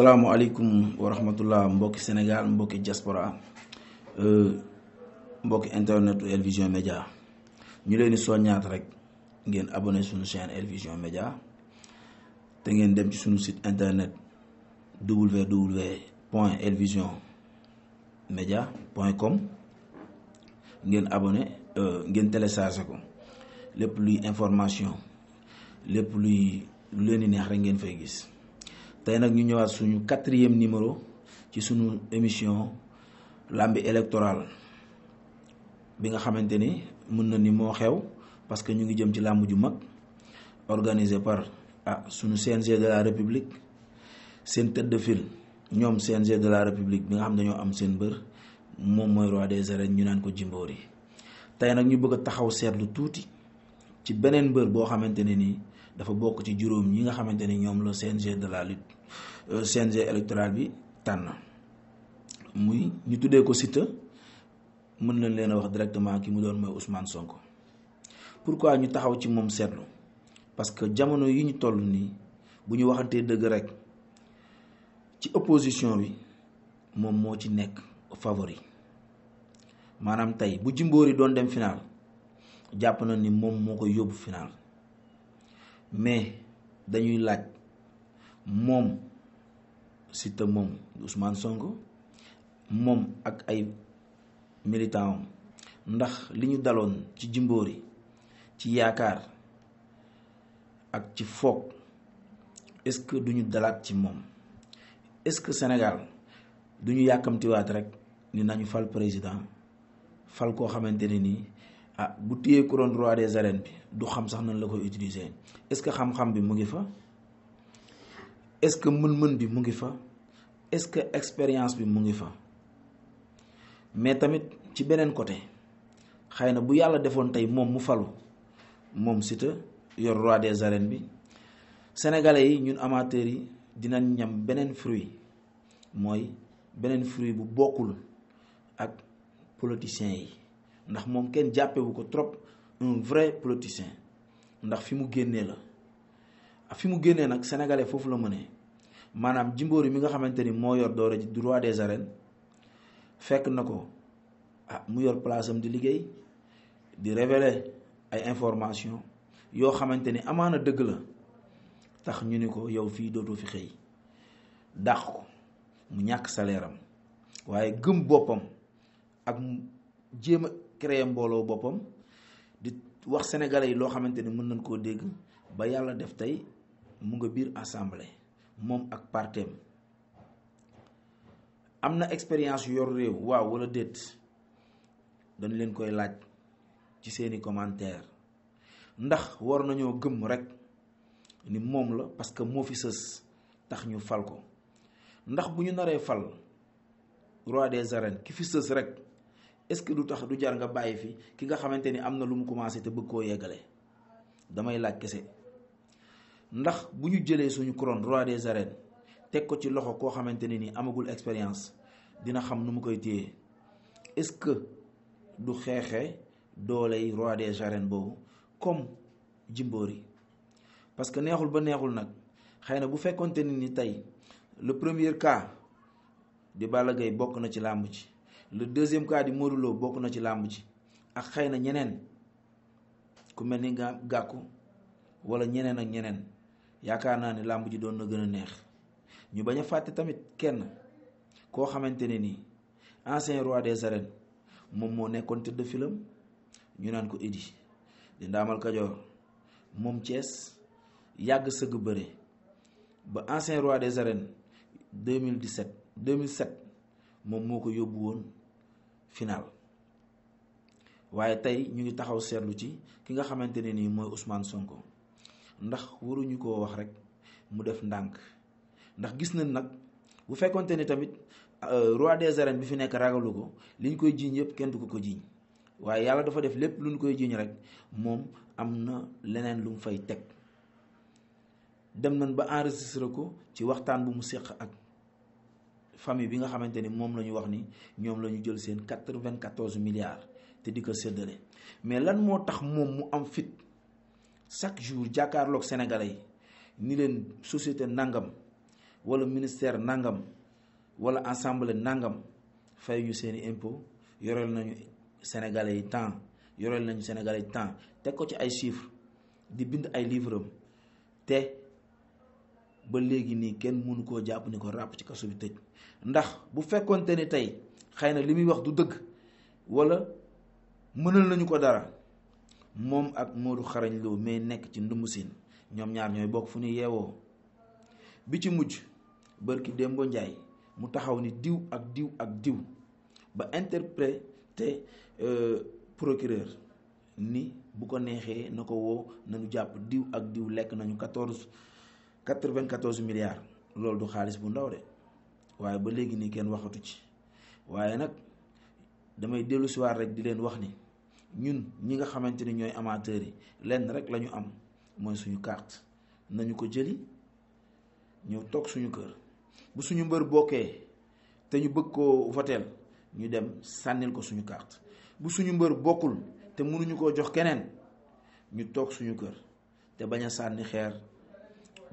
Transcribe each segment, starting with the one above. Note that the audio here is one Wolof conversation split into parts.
alaikum wa rahmatullah mbok Sénégal mbok diaspora euh, mbok internet El elvision Media. ñu leen di soññaat rek ngeen abonné suñu chaîne elvision media Média te ngeen dem ci suñu site internet www.elvisionmedia.com point elvision média com ngeen abonné euh, ngeen téléchargé ko lepp luy information lepp luy lu leen neex rek fay gis. tey nag ñu ñëwaat suñu quatrième numéro ci suñu émission làmbi électoral bi nga xamante ni mën na ni moo xew parce que ñu ngi jëm ci làmb ju mag organisé par ah suñu CNG de la République seen tête de ñoom CNG de la République bi nga xam dañoo am seen mbër moom mooy roi des arènes ñu naan ko yi tey nag ñu bëgg a taxaw seetlu tuuti ci beneen mbër boo xamante ne nii dafa bokk ci juróom ñi nga xamante ni ñoom la CNG de la lutte euh, CNG électoral bi tànn muy ñu tuddee ko Siteu mën nañ leen a wax directement ki mu doon mooy Ousmane pour quoi ñu taxaw ci moom seetlu parce que jamono yi ñu toll nii bu ñu waxantee dëgg rek ci opposition bi moom moo ci nekk favori maanaam tey bu yi doon dem final jàpp na ni moom moo koy yóbbu final mais dañuy laaj moom Siteu moom Ousmane Sonko moom ak ay militant ndax li ñu daloon ci Jimbori ci yaakaar ak ci foog est-ce que duñu dalaat ci moom est-ce que Sénégal duñu yàkkamtiwaat rek ni nañu fal président fal koo xamante ne nii ah bu téyee couronne roi des arènes bi du xam sax nan la koy utiliser est-ce que xam-xam bi mu ngi fa est-ce que mën-mën bi mu ngi fa est-ce que expérience bi mu ngi fa mais tamit ci beneen côté xëy na bu yàlla defoon tey moom mu falu moom Siteu yor roi des arènes bi sénégalais yi ñun amateurs yi dina ñam beneen fruit mooy beneen fruit bu bokkul ak politiciens yi ndax mom ken jàppewu ko trop un vrai politicien ndax fi mu génnee la ak ah, fi mu génnee nak sénégalais fofu la mënee manam Jimbori mi nga xamante mo yor doore ji du des arènes fekk nako ah mu yor place am di liggéey di révéler ay information yo xamante amana deug la tax ñu ni ko yow fii dootoo fi xey dàq ko mu ñak salaire am waaye gëm bopam ak jéem créer mbolo bopam di wax sénégalais lo xamanteni ni mën nañ ko dégg ba yalla def tay mu nga bir assemblée mom ak partem amna expérience yor rew waaw wala déet dañ leen koy laaj ci seeni commentaire ndax war nañu gëm rek ni mom la parce que mo fi seus tax ñu fal ko ndax buñu naré fal roi des arènes ki fi seus rek est-ce que du tax du jar nga bàyyi fi ki nga xamante ni am na lu mu commencé te bëgg koo yeggale damay laaj kese ndax bu ñu jëlee suñu couronne roi des arènes teg ko ci loxo koo xamante ne nii amagul expérience dina xam nu mu koy téye est-ce que du xeexe dooley roi des arènes boobu comme Jimbori parce que neexul ba neexul nag xëy na bu fekkonte ni ni tey le premier cas di Balla Gaye bokk na ci làmb ci le deuxième cas di Modou bokk na ci làmb ji ak xëy na ñeneen ku mel ni ga gàkku wala ñeneen ak ñeneen yaakaar naa ne làmb ji doon na gën a neex ñu bañ a fàtte tamit kenn koo xamante ne nii ancien roi des arènes moom moo nekkoon tëdd filam ñu naan ko Idi di ndaamal Kajoor moom Thiès yàgg sëgg bëre ba ancien roi des arènes 2017 2007 moom moo ko yóbbu woon final waaye tey ñu ngi taxaw seetlu ci ki nga xamante ne nii mooy Ousmane Sonko ndax waruñu koo wax rek mu def ndànk ndax gis na nag bu fekkonte ni tamit euh, roi des arènes bi fi nekk ragalu ko liñ koy jiiñ yëpp kenn du ko ko jiiñ waaye yàlla dafa def lépp luñ koy jiiñ rek moom am na leneen lu mu fay teg dem nañ ba enregistré ko ci waxtaan bu mu séq ak famille bi nga la wax ni ñom lañu jël quatre milliards té di mais lan qui tax mom mu am fit chaque jour jàkkaarloog sénégalais ni len société nangam wala ministère nangam wala assemblée nangam fay ñu impôt yorel nañu sénégalais nañu sénégalais chiffres ba léegi nii kenn mënu koo jàpp ni ko ràpp ci kaso bi tëj ndax bu fekkonte ni tey xëy na li muy wax du dëgg wala mënal nañu ko dara moom ak Modou Xarañ Lo mais nekk ci ndumbu siin ñoom ñaar ñooy bokk fu ñu yeewoo bi ci mujj bërki Dembo Njaay mu taxaw ni diw ak diw ak diw ba interprété euh, procureur ni bu ko neexee na ko woo nañu jàpp diw ak diw lekk nañu quatorze 94 milliards lolou du xaalis bu ndaw de waaye ba legui ni ken waxatu ci waaye nak damay delu ci war rek di len wax ni ñun ñi nga xamanteni ñoy amateur yi len rek lañu am moy suñu carte nañu ko jëli ñëw tok suñu kër bu suñu mbeur bokkee te ñu bëgg ko voteel ñu dem sànnil ko suñu carte bu suñu mbeur bokul te mënuñu ko jox kenen ñu tok suñu kër te baña sanni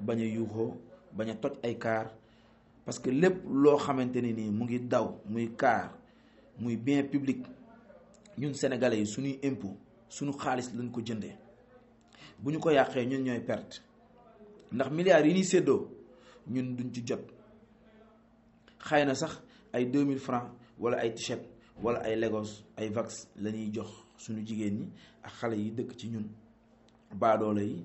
bañ a yuuxoo bañ a toj ay kaar parce que lépp loo xamante ne nii mu ngi daw muy kaar muy bien public ñun sénégalais yi suñuy impôt suñu xaalis lañ ko jëndee bu ñu ko yàqee ñun ñooy perte ndax milliards yi ñuy séddoo ñun duñ ci jot xëy na sax ay 2000 francs wala ay t-shirt wala ay Lagos ay vax lañuy jox suñu jigéen ñi ak xale yi dëkk ci ñun baadoole yi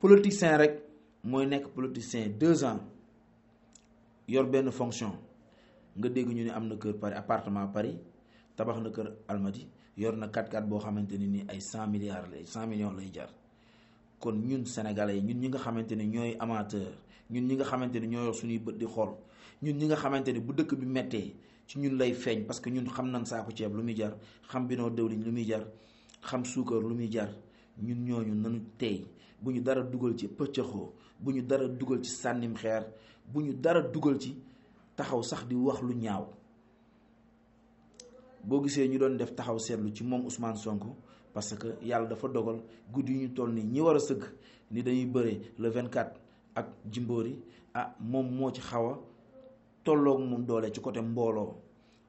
politicien rek moy nek politicien 2 ans yor ben fonction nga dégg ñu ne amna na kër Paris appartement Paris tabax na kër Almadi yor na 4 4 bo xamante ni ay 100 milliards lay cent millions lay jar kon ñun sénégalais ñun ñi nga xamante ñoy amateur ñun ñi nga xamante ñoy suñu yor di xol ñun ñi nga xamante bu dëkk bi metté ci ñun lay feeñ parce que ñun xam nañ saako ceeb lu muy jar xam bino dëwliñ lu muy jar xam suukar lu muy jar ñun ñooñu nañu tey bu ñu dara dugal ci pëccëxoo bu ñu dara dugal ci sànnim xeer bu ñu dara dugal ci taxaw sax di wax lu ñaaw boo gisee ñu doon def taxaw seetlu ci moom Ousmane Sonko parce que yàlla dafa dogal guddi yu ñu toll nii ñi war a sëgg ni dañuy bëree le 24 ak Jimbori ah moom moo ci xaw a tolloog moom doole ci côté mbooloo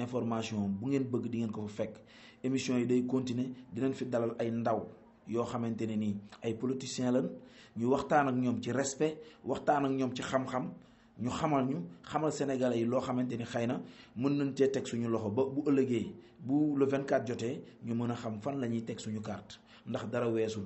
information bu ngeen bëgg di ngeen ko fa fekk émission yi day continuer fi dalal ay ndaw politiciens ñu waxtaan ak ci respect waxtaan ak ñoom ci xam-xam ñu xamal ñu xamal sénégalais yi loo xamante ni xëy na suñu loxo le 24 ñu xam fan la suñu carte ndax dara